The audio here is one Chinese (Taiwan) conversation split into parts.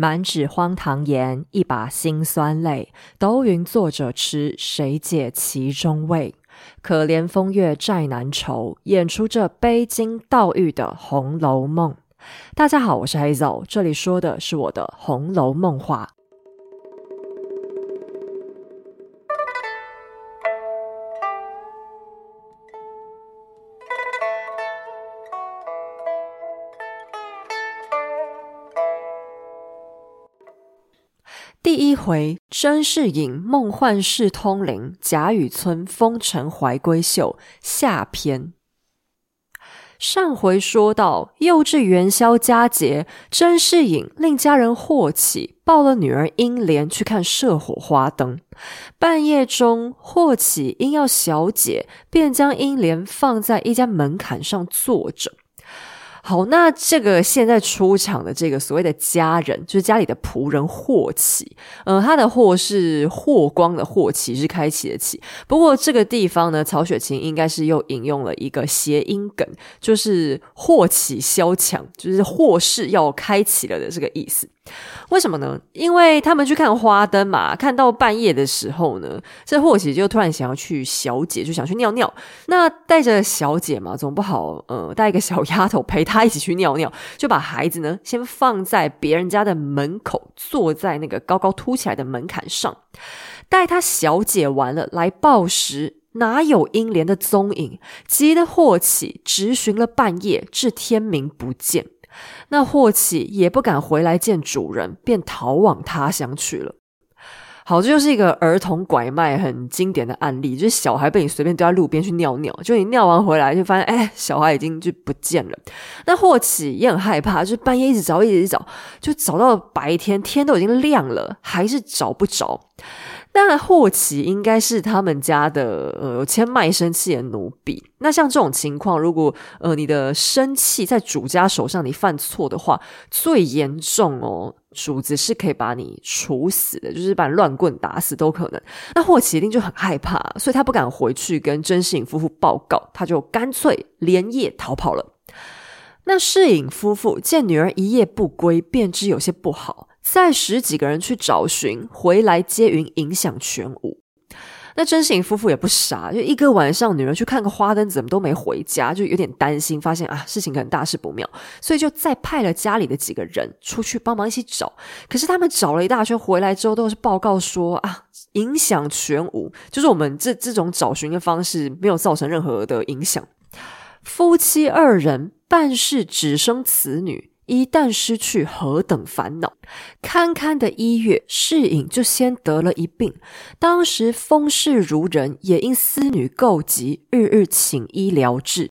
滿紙荒唐言，一把辛酸淚，都雲作者痴，誰解其中味？可憐風月債難酬，演出這悲金悼玉的《紅樓夢》。大家好，我是 Hazel，這裡說的是我的《紅樓夢》話。回甄士隱夢幻識通靈，賈雨村風塵懷閨秀。下篇上回說到，又至元宵佳節，甄士隱令家人霍啟抱了女兒英蓮去看社火花燈。半夜中，霍啟因要小解，便將英蓮放在一家門檻上坐着。好，那這個現在出場的這個所謂的家人，就是家裡的僕人霍啟，嗯、呃，他的“霍”是霍光的霍“霍”，啟是開啟的“啟”。不過這個地方呢，曹雪芹應該是又引用了一個諧音梗，就是“禍起蕭牆”，就是禍事要開啟了的這個意思。為什麼呢？因為他們去看花燈嘛，看到半夜的時候呢，這霍啟就突然想要去小解，就想去尿尿。那帶着小解嘛，總不好呃帶一個小丫頭陪她一起去尿尿，就把孩子呢先放在別人家的門口，坐在那個高高凸起來的門檻上。待她小解完了來報時，哪有英蓮的蹤影？急得霍啟直尋了半夜至天明，不見。那霍啟也不敢回來見主人，便逃往他鄉去了。好，這就是一個兒童拐賣很經典的案例，就是小孩被你隨便丟在路邊去尿尿，就你尿完回來就發現，哎、欸，小孩已經就不見了。那霍啟也很害怕，就半夜一直找，一直找，就找到白天，天都已經亮了，還是找不着。當然霍啟應該是他們家的，呃，有簽賣身契的奴婢。那像這種情況，如果呃你的身契在主家手上，你犯錯的話，最嚴重哦，主子是可以把你處死的，就是把你亂棍打死都可能。那霍啟一定就很害怕，所以他不敢回去跟甄士隱夫婦報告，他就乾脆連夜逃跑了。那士隱夫婦見女兒一夜不歸，便知有些不好。再十幾個人去找尋回來接云，影響全無。那甄世隱夫婦也不傻，就一個晚上，女兒去看個花燈怎麼都沒回家，就有點擔心，發現啊，事情可能大事不妙，所以就再派了家裡的幾個人出去幫忙一起找。可是他們找了一大圈，回來之後都是報告說啊，影響全無，就是我們這這種找尋的方式沒有造成任何的影響。夫妻二人辦事只生子女。一旦失去，何等煩惱！看看的一月，士隱就先得了一病。當時封氏孺人，也因思女構疾，日日請醫療治。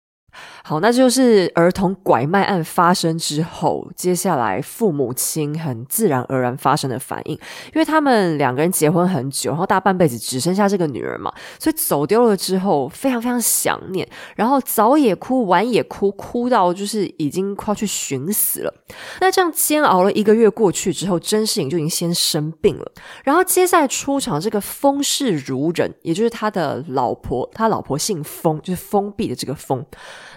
好，那就是兒童拐賣案發生之後，接下來父母親很自然而然發生的反應，因為他們兩個人結婚很久，然後大半輩子只剩下這個女兒嘛，所以走丟了之後非常非常想念，然後早也哭，晚也哭，哭到就是已經快要去尋死了。那這樣煎熬了一個月過去之後，甄士隱就已經先生病了，然後接下來出場這個封氏孺人，也就是他的老婆，他老婆姓封，就是封閉的這個封。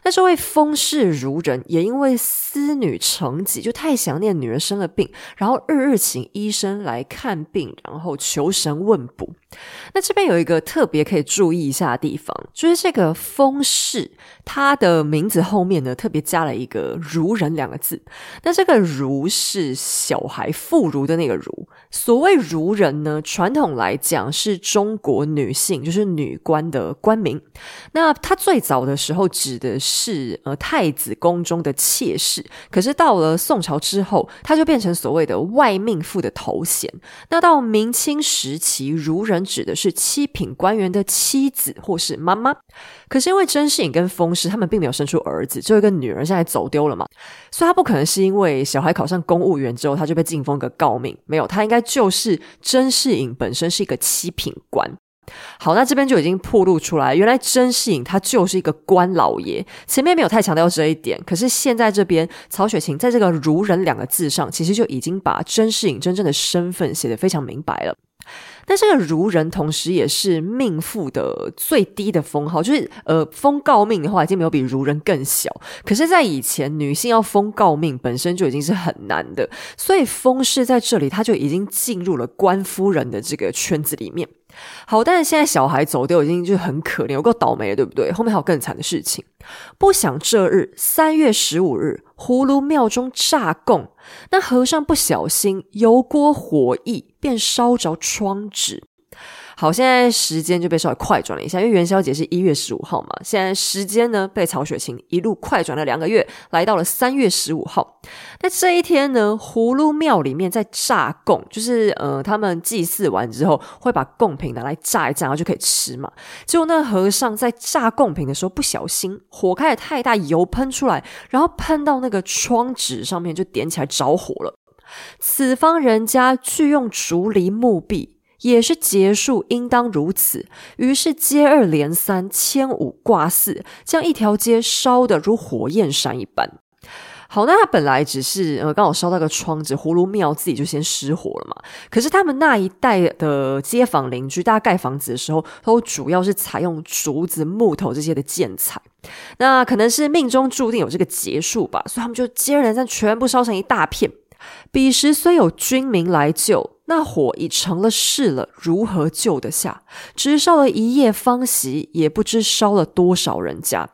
那這位封氏孺人也因為思女成疾，就太想念女兒生了病，然後日日請醫生來看病，然後求神問卜。那這邊有一個特別可以注意一下的地方，就是這個封氏，他的名字後面呢特別加了一個“孺人”兩個字。那這個“孺”是小孩婦孺的那個“孺”，所謂“孺人”呢，傳統來講是中國女性，就是女官的官名。那他最早的時候指的是。是呃，太子宮中的妾室，可是到了宋朝之後，他就變成所謂的外命婦的頭銜。那到明清時期，孺人指的是七品官員的妻子或是媽媽。可是因為甄士隱跟封氏他們並沒有生出兒子，就有一個女兒，現在走丟了嘛。所以他不可能是因為小孩考上公務員之後，他就被晉封個誥命。沒有，他應該就是甄士隱本身是一個七品官。好，那這邊就已經暴露出來，原來甄士隱他就是一個官老爺。前面沒有太強調這一點，可是現在這邊曹雪芹在這個“孺人”兩個字上，其實就已經把甄士隱真正的身份寫得非常明白了。但這個“孺人”同時也是命婦的最低的封號，就是呃封誥命的話，已經沒有比“孺人”更小。可是，在以前女性要封誥命本身就已經是很難的，所以封氏在這裡他就已經進入了官夫人的這個圈子裡面。好，但是現在小孩走丟已經就很可憐，有夠倒霉了，對不對？後面還有更慘的事情，不想這日三月十五日，葫蘆廟中炸供，那和尚不小心油鍋火逸，便燒着窗紙。好，現在時間就被稍微快轉了一下，因為元宵節是一月十五號嘛。現在時間呢，被曹雪芹一路快轉了兩個月，來到了三月十五號。那這一天呢，葫蘆廟裡面在炸供，就是呃，他們祭祀完之後會把供品拿來炸一炸，然後就可以吃嘛。結果那和尚在炸供品的時候不小心火開的太大，油噴出來，然後噴到那個窗紙上面就點起來着火了。此方人家俱用竹籬木壁。也是結束，應當如此。於是接二連三，牽五掛四，將一條街燒得如火焰山一般。好，那他本來只是呃，剛好燒到個窗子，葫蘆廟自己就先失火了嘛。可是他們那一帶的街坊鄰居，大家蓋房子的時候，都主要是採用竹子、木頭這些的建材。那可能是命中注定有這個結束吧，所以他們就接二連三，全部燒成一大片。彼時雖有軍民來救，那火已成了勢了，如何救得下？直燒了一夜方熄，也不知燒了多少人家。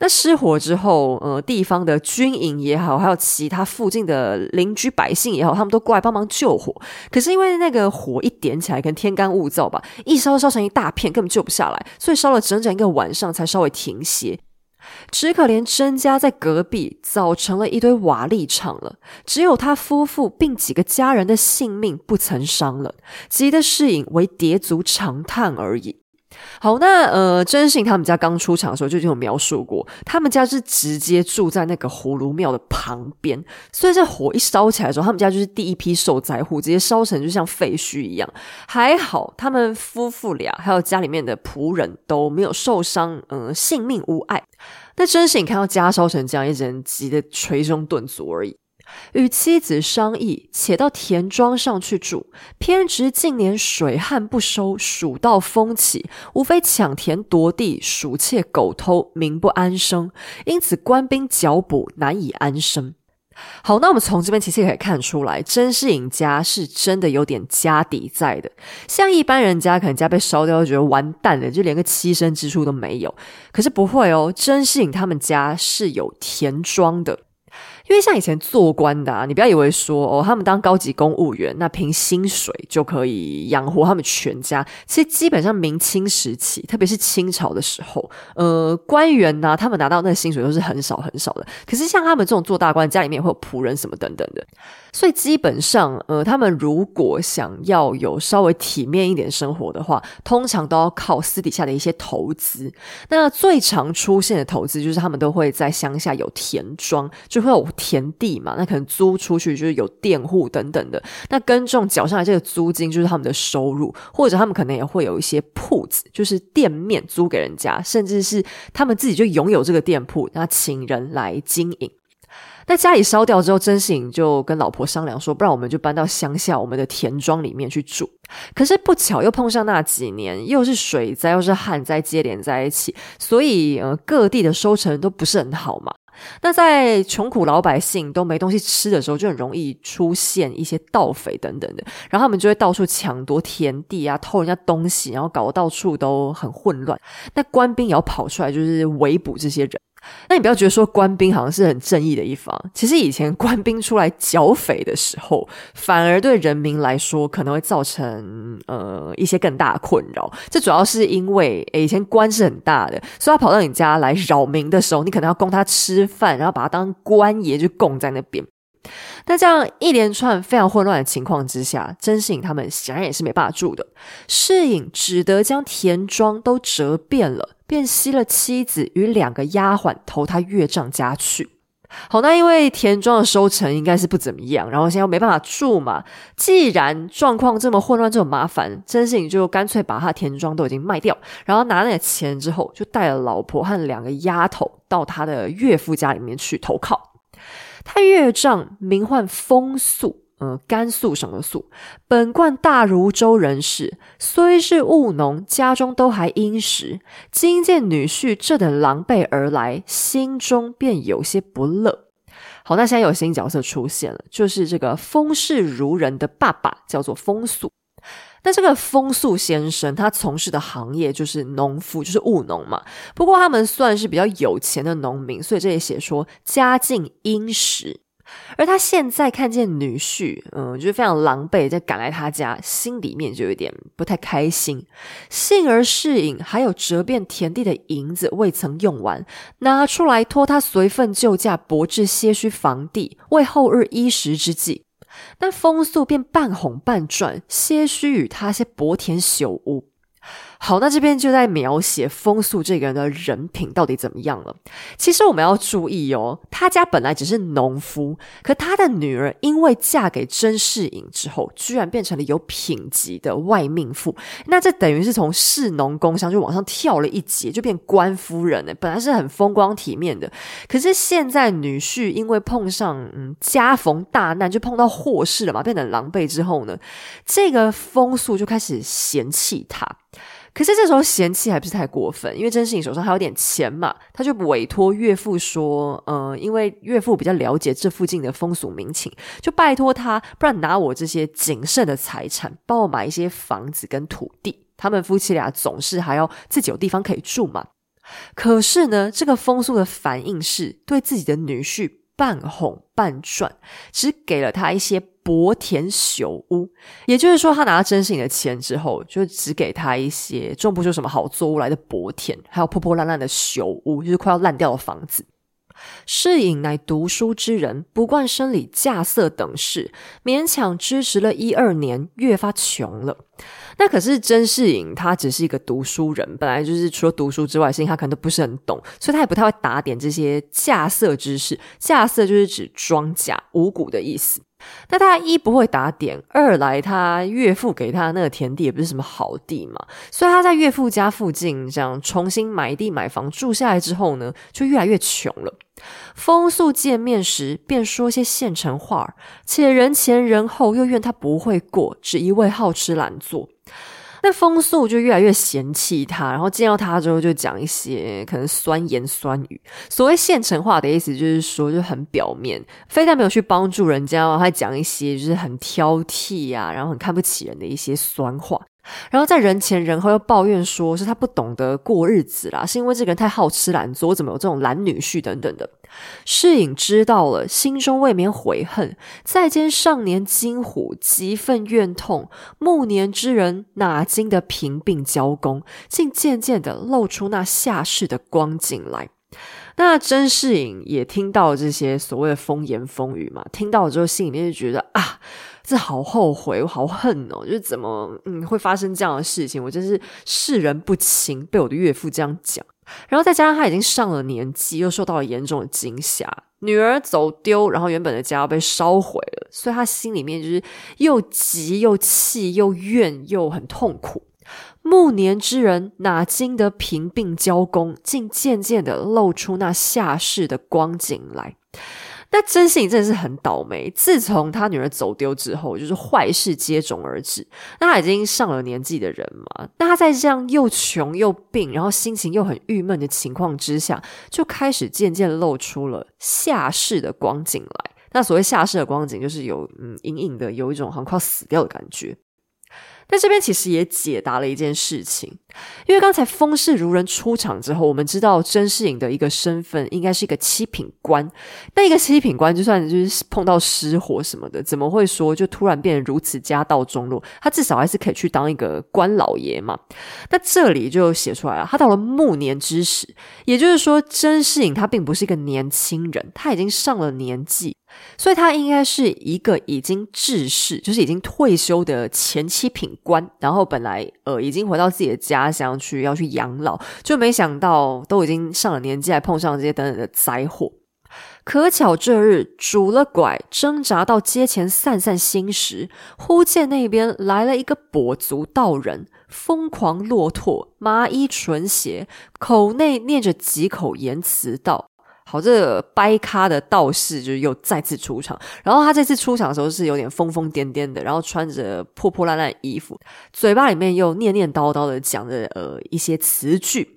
那失火之後，呃，地方的軍營也好，還有其他附近的鄰居百姓也好，他們都過來幫忙救火。可是因為那個火一點起來，可能天乾物燥吧，一燒燒成一大片，根本救不下來，所以燒了整整一個晚上才稍微停歇。只可憐甄家在隔壁，早成了一堆瓦礫場了。只有他夫婦並幾個家人的性命不曾傷了，急得士隱為跌足長嘆而已。好，那呃，甄士隱他們家剛出場的時候就已經有描述過，他們家是直接住在那個葫蘆廟的旁邊，所以在火一燒起來的時候，他們家就是第一批受災戶，直接燒成就像廢墟一樣。還好他們夫婦倆還有家裡面的僕人都沒有受傷，嗯、呃，性命無礙。那甄士隱看到家燒成這樣，也只能急得捶胸頓足而已。與妻子商議，且到田莊上去住。偏值近年水旱不收，鼠盜蜂起，無非搶田奪地，鼠竊狗偷，民不安生。因此官兵剿捕，難以安生。好，那我們從這邊其實也可以看出來，甄士隱家是真的有點家底在的。像一般人家，可能家被燒掉，就覺得完蛋了，就連個棲身之處都沒有。可是不會哦，甄士隱他們家是有田莊的。因為像以前做官的，啊，你不要以為說哦，他們當高級公務員，那憑薪水就可以養活他們全家。其實基本上明清時期，特別是清朝的時候，呃，官員吶，啊，他們拿到那薪水都是很少很少的。可是像他們這種做大官，家裡面也會有僕人什麼等等的，所以基本上呃，他們如果想要有稍微體面一點生活的話，通常都要靠私底下的一些投資。那最常出現的投資就是他們都會在鄉下有田莊，就會有。田地嘛，那可能租出去就是有佃戶等等的，那耕種，繳上來這個租金就是他們的收入，或者他們可能也會有一些鋪子，就是店面租給人家，甚至是他們自己就擁有這個店鋪，那請人來經營。那家裡燒掉之後，甄士隱就跟老婆商量說，不然我們就搬到鄉下我們的田莊裡面去住。可是不巧又碰上那幾年又是水災又是旱災接連在一起，所以呃，各地的收成都不是很好嘛。那在窮苦老百姓都沒東西吃的時候，就很容易出現一些盜匪等等的，然後他們就會到處搶奪田地啊，偷人家東西，然後搞得到處都很混亂，那官兵也要跑出來，就是圍捕這些人。那你不要覺得說官兵好像是很正義的一方，其實以前官兵出來剿匪的時候，反而對人民來說可能會造成呃一些更大的困擾。這主要是因為誒以前官是很大的，所以他跑到你家來擾民的時候，你可能要供他吃飯，然後把他當官爺就供在那邊。.那這樣一連串非常混亂的情況之下，甄士隱他們顯然也是沒辦法住的。士隱只得將田莊都折遍了，便攜了妻子與兩個丫鬟投他岳丈家去。好，那因為田莊的收成應該是不怎麼樣，然後現在又沒辦法住嘛。既然狀況這麼混亂，這麼麻煩，甄士隱就乾脆把他的田莊都已經賣掉，然後拿了那點錢之後，就帶了老婆和兩個丫頭到他的岳父家裡面去投靠。他岳丈名喚封肅，嗯、呃，甘肅什麼肅？本貫大如州人氏，雖是務農，家中都還殷實。今見女婿這等狼狽而來，心中便有些不樂。好，那現在有新角色出現了，就是這個封氏孺人的爸爸，叫做封肅。但這個風宿先生，他從事的行業就是農夫，就是務農嘛。不過他們算是比較有錢的農民，所以這裡寫說家境殷實。而他現在看見女婿，嗯，就是非常狼狽，在趕來他家，心裡面就有點不太開心。幸而仕隱還有折遍田地的銀子未曾用完，拿出來托他隨份救駕，博置些許房地，為後日衣食之計。那封肅便半哄半轉，些許與他些薄田朽屋。好，那這邊就在描寫封肅這個人的人品到底怎麼樣了。其實我們要注意哦，他家本來只是農夫，可他的女兒因為嫁給甄士隱之後，居然變成了有品級的外命婦，那這等於是從士農工商就往上跳了一級，就變官夫人了。本來是很風光體面的，可是現在女婿因為碰上嗯家逢大難，就碰到禍事了嘛，變得狼狽之後呢，這個封肅就開始嫌棄他。可是這時候嫌棄還不是太過分，因為甄士隱手上還有點錢嘛，他就委托岳父說：“嗯、呃，因為岳父比較了解這附近的風俗民情，就拜托他，不然拿我這些僅剩的財產幫我買一些房子跟土地。他們夫妻倆總是還要自己有地方可以住嘛。可是呢，這個封肅的反應是對自己的女婿半哄半賺，只給了他一些。”薄田朽屋，也就是說，他拿到甄士隱的錢之後，就只給他一些種不出什麼好作物來的薄田，還有破破爛爛的朽屋，就是快要爛掉的房子。士隱乃讀書之人，不慣生理、稼穡、等事，勉強支持了一二年，越發窮了。那可是甄士隱，他只是一個讀書人，本來就是除了讀書之外的事情，他可能都不是很懂，所以他也不太會打點這些稼穡之事。稼穡就是指莊稼、五穀的意思。那他一不會打點，二來他岳父給他的那個田地也不是什麼好地嘛，所以他在岳父家附近這樣重新買地買房住下來之後呢，就越來越窮了。封肅見面時便說一些現成話，且人前人後又怨他不會過，只一味好吃懶做。那封肅就越來越嫌棄他，然後見到他之後就講一些可能酸言酸語。所謂現成話的意思就是說，就很表面，非但沒有去幫助人家，然後還講一些就是很挑剔啊，然後很看不起人的一些酸話。然後在人前人後又抱怨說，是他不懂得過日子啦，是因為這個人太好吃懶做，怎麼有這種懶女婿？等等的。士隱知道了，心中未免悔恨，再兼上年驚唬，急忿怨痛，暮年之人那禁得貧病交攻，竟漸漸的露出那下世的光景來。那甄士隱也聽到這些所謂的風言風語嘛，聽到了之後心裡面就覺得啊，這好後悔，我好恨哦，就是怎麼嗯會發生這樣的事情，我真是識人不清，被我的岳父這樣講。然後再加上他已經上了年紀，又受到了嚴重的驚嚇，女兒走丟，然後原本的家被燒毀了，所以他心裡面就是又急又氣又怨又很痛苦。暮年之人，哪經得貧病交攻，竟漸漸的露出那下世的光景來。那甄士隱真的是很倒霉，自從他女兒走丟之後，就是壞事接踵而至。那他已經上了年紀的人嘛，那他在這樣又窮又病，然後心情又很鬱悶的情況之下，就開始漸漸露出了下世的光景來。那所謂下世的光景，就是有嗯隱隱的有一種好像快要死掉的感覺。那這邊其實也解答了一件事情，因為剛才封氏孺人出場之後，我們知道甄士隱的一個身份應該是一個七品官。但一個七品官，就算就是碰到失火什麼的，怎麼會說就突然變得如此家道中落？他至少還是可以去當一個官老爺嘛。那這裡就寫出來了，他到了暮年之時，也就是說甄士隱他並不是一個年輕人，他已經上了年紀。所以他應該是一個已經致仕，就是已經退休的前七品官，然後本來呃已經回到自己的家鄉去要去養老，就沒想到都已經上了年紀，還碰上這些等等的災禍。可巧這日拄了拐，掙扎到街前散散心時，忽見那邊來了一個跛足道人，瘋狂落脫，麻屣鶉衣，口內念着幾口言辭道。好，這個、掰咖的道士就是又再次出場。然後他這次出場的時候是有點瘋瘋癲癲的，然後穿着破破爛爛的衣服，嘴巴裡面又念念叨叨的講着呃一些詞句。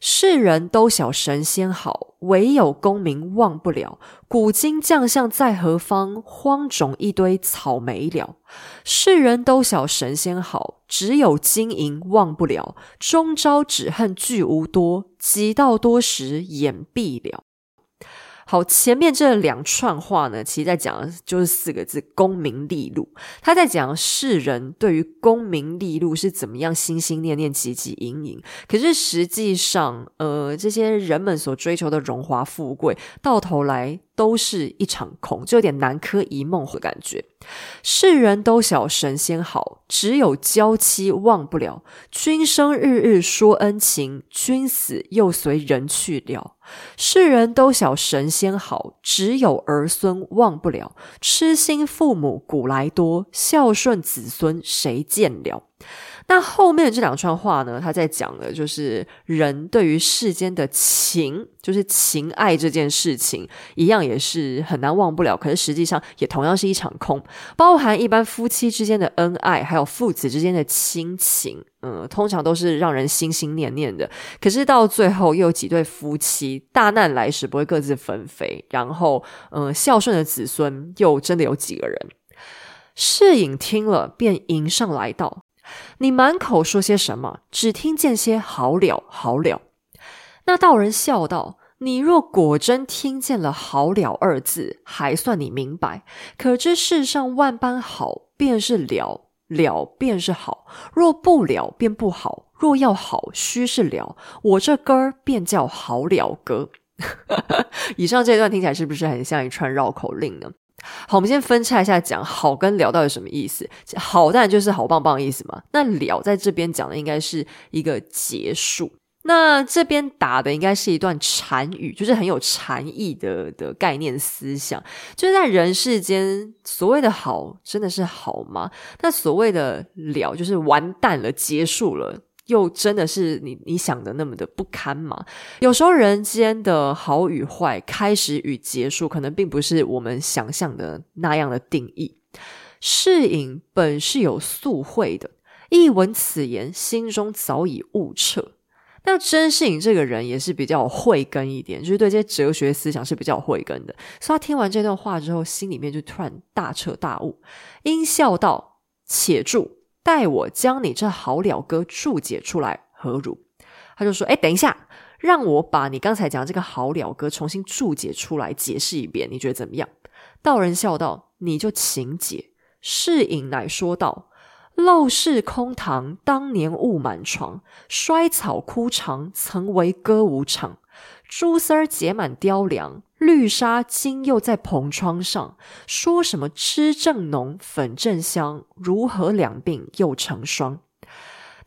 世人都曉神仙好，唯有功名忘不了。古今將相在何方？荒冢一堆草沒了。世人都曉神仙好，只有金銀忘不了。終朝只恨聚無多，及到多時眼閉了。好，前面這兩串話呢，其實在講的就是四個字：功名利祿。他在講世人對於功名利祿是怎麼樣心心念念、汲汲營營。可是實際上，呃，這些人們所追求的榮華富貴，到頭來，都是一場空，就有點南柯一夢的感覺。世人都曉神仙好，只有嬌妻忘不了。君生日日說恩情，君死又隨人去了。世人都曉神仙好，只有兒孫忘不了。痴心父母古來多，孝順子孫誰見了？那後面這兩串話呢？他在講的就是人對於世間的情，就是情愛這件事情，一樣也是很難忘不了。可是實際上也同樣是一場空，包含一般夫妻之間的恩愛，還有父子之間的親情，嗯、呃，通常都是讓人心心念念的。可是到最後，又有幾對夫妻大難來時不會各自分飛？然後，嗯、呃，孝順的子孫又真的有幾個人？士隱聽了，便迎上來道。你滿口說些什麼？只聽見些好了好了。那道人笑道：“你若果真聽見了‘好了’二字，還算你明白。可知世上萬般好，便是了，了便是好；若不了，便不好；若要好，須是了。我這歌兒便叫‘好了歌。’ ”以上這段聽起來是不是很像一串繞口令呢？好，我們先分拆一下講“好”跟“了”到底什麼意思。“好”當然就是“好棒棒”的意思嘛。那“了”在這邊講的應該是一個結束。那這邊打的應該是一段禪語，就是很有禪意的的概念思想，就是在人世間，所謂的好真的是好嗎？那所謂的“了”就是完蛋了，結束了。又真的是你你想的那麼的不堪嗎？有時候人間的好與壞，開始與結束，可能並不是我們想象的那樣的定義。士隱本是有宿慧的，一聞此言，心中早已悟徹。那甄士隱這個人也是比較慧根一點，就是對這些哲學思想是比較慧根的。所以他聽完這段話之後，心裡面就突然大徹大悟，因笑道：“且住。”待我將你這好了歌注解出來，何如？他就說：“哎、欸，等一下，讓我把你剛才講這個好了歌重新注解出來，解釋一遍，你覺得怎麼樣？”道人笑道：“你就請解。”士隱乃說道：“陋室空堂，當年笏滿床。衰草枯楊，曾為歌舞場。”蛛絲兒結滿雕梁，綠紗今又在蓬窗上。說什麼脂正濃，粉正香，如何兩鬢又成霜？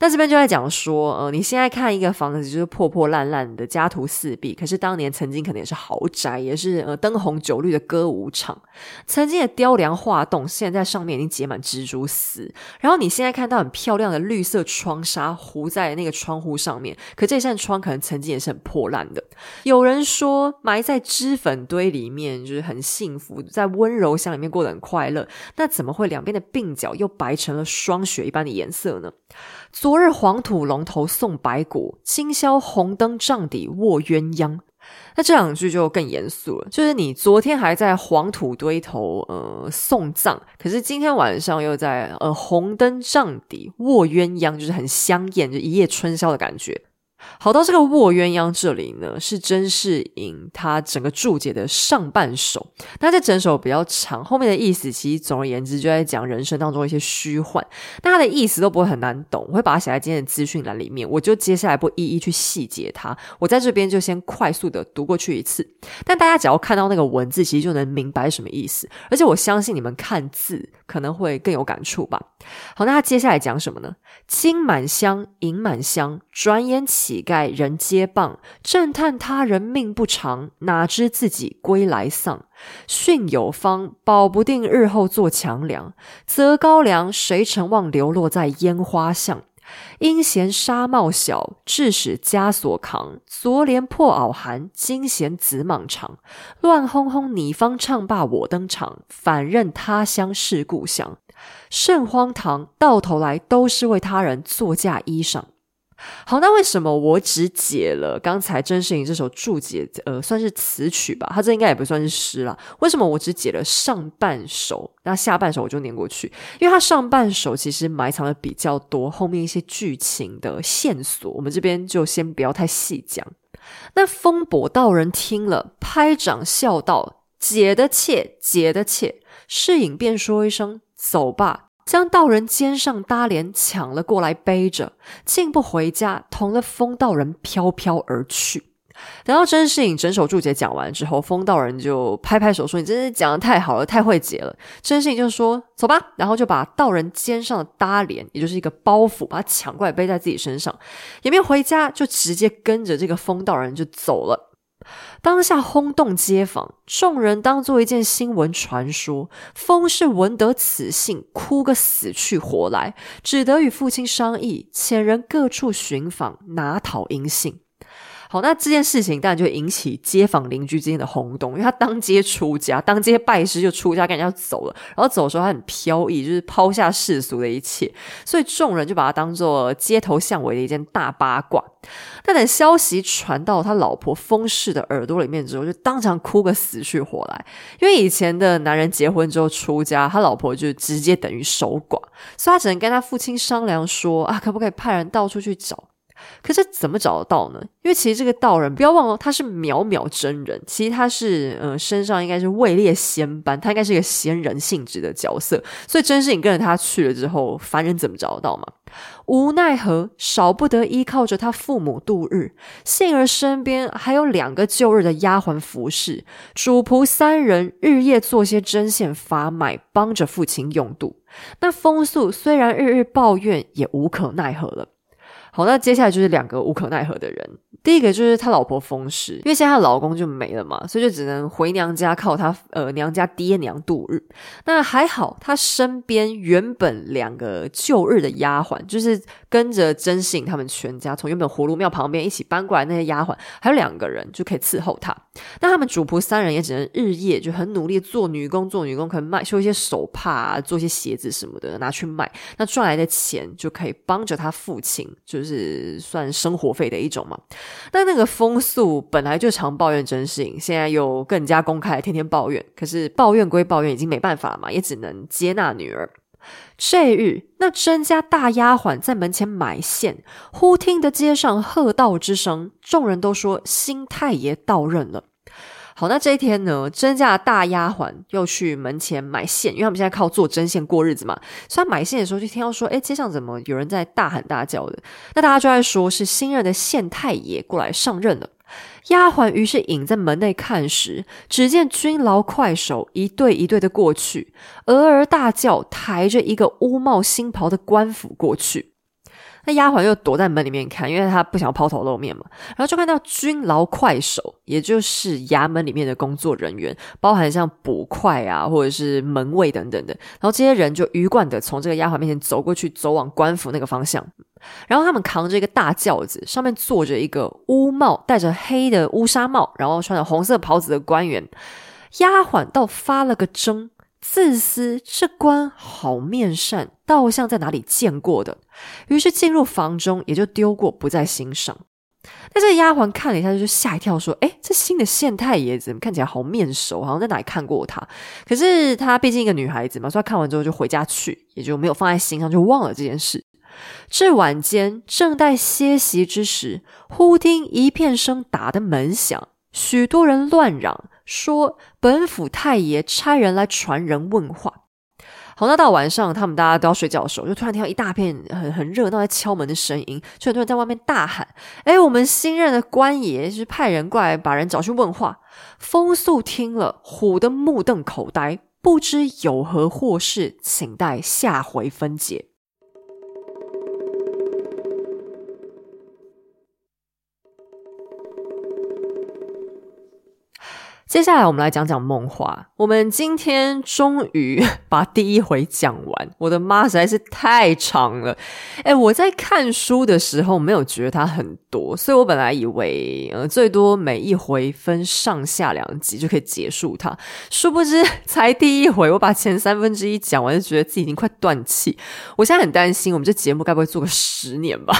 那這邊就在講說，呃，你現在看一個房子就是破破爛爛的，家徒四壁。可是當年曾經可能也是豪宅，也是呃燈紅酒綠的歌舞場，曾經的雕梁畫棟，現在上面已經結滿蜘蛛絲。然後你現在看到很漂亮的綠色窗紗糊在那個窗戶上面，可這扇窗可能曾經也是很破爛的。有人說，埋在脂粉堆裡面就是很幸福，在溫柔鄉裡面過得很快樂。那怎麼會兩邊的鬢角又白成了霜雪一般的顏色呢？昨日黃土隴頭送白骨，今宵紅燈帳底臥鴛鴦。那這兩句就更嚴肅了，就是你昨天還在黃土堆頭呃送葬，可是今天晚上又在呃紅燈帳底臥鴛鴦，就是很香豔，就一夜春宵的感覺。好到這個《臥鴛鴦》這裡呢，是甄士隱他整個注解的上半首。那這整首比較長，後面的意思其實總而言之就在講人生當中一些虛幻。那他的意思都不會很難懂，我會把它寫在今天的資訊欄裡面。我就接下來不一一去細節它，我在這邊就先快速的讀過去一次。但大家只要看到那個文字，其實就能明白什麼意思。而且我相信你們看字可能會更有感觸吧。好，那他接下來講什麼呢？金滿箱，銀滿箱，轉眼乞。乞丐人皆謗，正嘆他人命不長，哪知自己歸來喪？訓有方，保不定日後做強梁；擇膏粱，誰承望流落在煙花巷？因嫌紗帽小，致使枷鎖扛；昨憐破襖寒，今嫌紫蟒長。亂哄哄，你方唱罷我登場，反認他鄉是故鄉，甚荒唐！到頭來都是為他人作嫁衣裳。好，那為什麼我只解了剛才甄士隱這首注解？呃，算是詞曲吧，他這應該也不算是詩啦。為什麼我只解了上半首，那下半首我就念過去？因為他上半首其實埋藏的比較多，後面一些劇情的線索，我們這邊就先不要太細講。那瘋跛道人聽了，拍掌笑道：“解得切，解得切。”士隱便說一聲：“走吧。”將道人肩上褡褳搶了過來，背着，竟不回家，同了瘋道人飄飄而去。等到甄士隱整首注解講完之後，瘋道人就拍拍手說：“你真是講的太好了，太會解了。”甄士隱就說：“走吧。”然後就把道人肩上的褡褳，也就是一個包袱，把他搶過來背在自己身上，也沒有回家，就直接跟着這個瘋道人就走了。當下轟動街坊，眾人當做一件新聞傳說。封氏聞得此信，哭個死去活來，只得與父親商議，遣人各處尋訪，哪討音信？好，那這件事情當然就引起街坊鄰居之間的轟動，因為他當街出家，當街拜師就出家，跟人家走了。然後走的時候，他很飄逸，就是拋下世俗的一切，所以眾人就把他當做街頭巷尾的一件大八卦。但等消息傳到他老婆封氏的耳朵裡面之後，就當場哭個死去活來，因為以前的男人結婚之後出家，他老婆就直接等於守寡，所以他只能跟他父親商量說啊，可不可以派人到處去找。可是怎麼找得到呢？因為其實這個道人，不要忘了，他是渺渺真人，其實他是嗯、呃、身上應該是位列仙班，他應該是一個仙人性質的角色。所以甄士隱跟着他去了之後，凡人怎麼找得到嘛？無奈何，少不得依靠着他父母度日，幸而身邊還有兩個舊日的丫鬟服侍，主僕三人日夜做些針線發賣，幫着父親用度。那封肅雖然日日抱怨，也無可奈何了。好，那接下來就是兩個無可奈何的人。第一個就是他老婆封氏，因為現在他老公就沒了嘛，所以就只能回娘家靠他呃娘家爹娘度日。那還好，他身邊原本兩個舊日的丫鬟，就是。跟着甄士隱他們全家從原本葫蘆廟旁邊一起搬過來，那些丫鬟還有兩個人就可以伺候他。那他們主僕三人也只能日夜就很努力做女工，做女工可以賣繡一些手帕，啊，做一些鞋子什麼的拿去賣。那賺來的錢就可以幫着他父親，就是算生活費的一種嘛。但那個封肅本來就常抱怨甄士隱，現在又更加公開天天抱怨，可是抱怨歸抱怨，已經沒辦法了嘛，也只能接納女兒。這日，那甄家大丫鬟在門前買線，忽聽得街上喝道之聲，眾人都說新太爺到任了。好，那這一天呢，甄家大丫鬟又去門前買線，因為他們現在靠做針線過日子嘛。所以買線的時候就聽到說，誒、哎，街上怎麼有人在大喊大叫的？那大家就在說，是新任的縣太爺過來上任了。丫鬟於是隱在門內看時，只見軍牢快手一對一對的過去，俄而大叫，抬着一個烏帽猩袍的官府過去。那丫鬟又躲在門裡面看，因為她不想拋頭露面嘛。然後就看到軍牢快手，也就是衙門裡面的工作人員，包含像捕快啊，或者是門衛等等的。然後這些人就魚貫的從這個丫鬟面前走過去，走往官府那個方向。然後他們扛着一個大轎子，上面坐着一個烏帽，戴着黑的烏紗帽，然後穿着紅色袍子的官員。丫鬟倒發了個怔，自私，這官好面善，倒像在哪裡見過的。於是進入房中，也就丟過不在心上。那這個丫鬟看了一下，就是嚇一跳，說：“哎，這新的縣太爺怎麼看起來好面熟，好像在哪裡看過他？”可是她畢竟一個女孩子嘛，所以他看完之後就回家去，也就沒有放在心上，就忘了這件事。至晚間，正待歇息之時，忽聽一片聲打的門響，許多人亂嚷說：“本府太爺差人來傳人問話。”好，那到晚上，他們大家都要睡覺的時候，就突然聽到一大片很很熱鬧在敲門的聲音，所以有人在外面大喊：“哎，我們新任的官爺就是派人過來把人找去問話。”封肅聽了，唬得目瞪口呆，不知有何禍事，請待下回分解。接下來我們來講講夢話。我們今天終於把第一回講完，我的媽實在是太長了！哎，我在看書的時候沒有覺得它很多，所以我本來以為，呃，最多每一回分上下兩集就可以結束它。殊不知，才第一回，我把前三分之一講完，就覺得自己已經快斷氣。我現在很擔心，我們這節目該不會做個十年吧？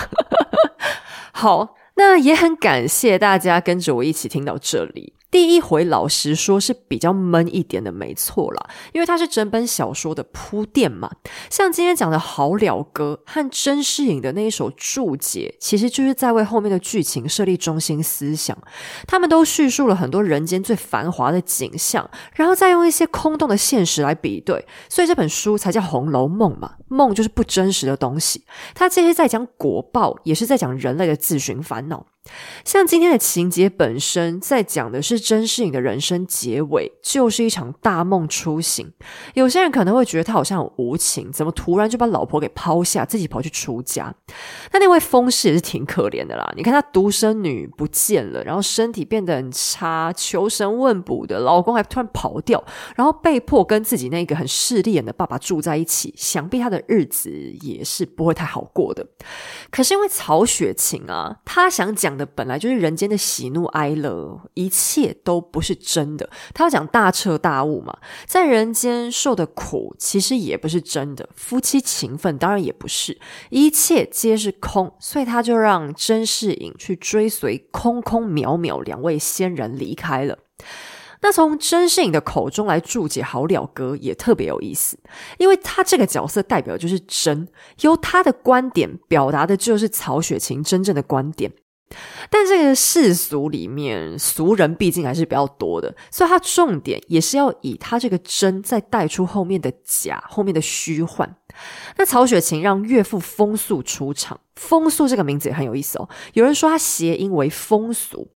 好，那也很感謝大家跟着我一起聽到這裡。第一回，老實說，是比較悶一點的，沒錯啦，因為它是整本小說的鋪墊嘛。像今天講的《好了歌》和甄士隱的那一首注解，其實就是在為後面的劇情設立中心思想。他們都敘述了很多人間最繁華的景象，然後再用一些空洞的現實來比對，所以這本書才叫《紅樓夢》嘛，夢就是不真實的東西。他這些在講果報，也是在講人類的自尋煩惱。像今天的情節本身，在講的是甄士隱的人生結尾，就是一場大夢初醒。有些人可能會覺得他好像很無情，怎麼突然就把老婆給拋下，自己跑去出家？那那位封氏也是挺可憐的啦。你看，他獨生女不見了，然後身體變得很差，求神問卜的，老公還突然跑掉，然後被迫跟自己那個很勢利眼的爸爸住在一起，想必他的日子也是不會太好過的。可是因為曹雪芹啊，他想講。的本來就是人間的喜怒哀樂，一切都不是真的。他要講大徹大悟嘛，在人間受的苦其實也不是真的，夫妻情分當然也不是，一切皆是空。所以他就讓甄士隱去追隨空空渺渺兩位仙人離開了。那從甄士隱的口中來注解《好了歌》也特別有意思，因為他這個角色代表就是真，由他的觀點表達的就是曹雪芹真正的觀點。但這個世俗裡面，俗人畢竟還是比較多的，所以他重點也是要以他這個真，再帶出後面的假，後面的虛幻。那曹雪芹讓岳父封肅出場，封肅這個名字也很有意思哦。有人說他諧音為風俗，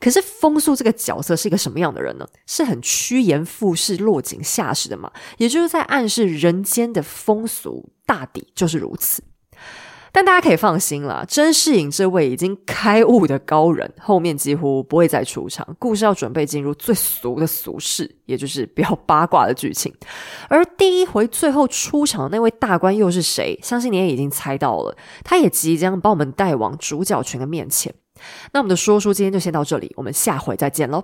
可是封肅這個角色是一個什麼樣的人呢？是很趨炎附勢、落井下石的嘛？也就是在暗示人間的風俗大抵就是如此。但大家可以放心啦，甄士隱這位已經開悟的高人，後面幾乎不會再出場。故事要準備進入最俗的俗世，也就是比較八卦的劇情。而第一回最後出場的那位大官又是誰？相信你也已經猜到了，他也即將把我們帶往主角群的面前。那我們的說書今天就先到這裡，我們下回再見嘍。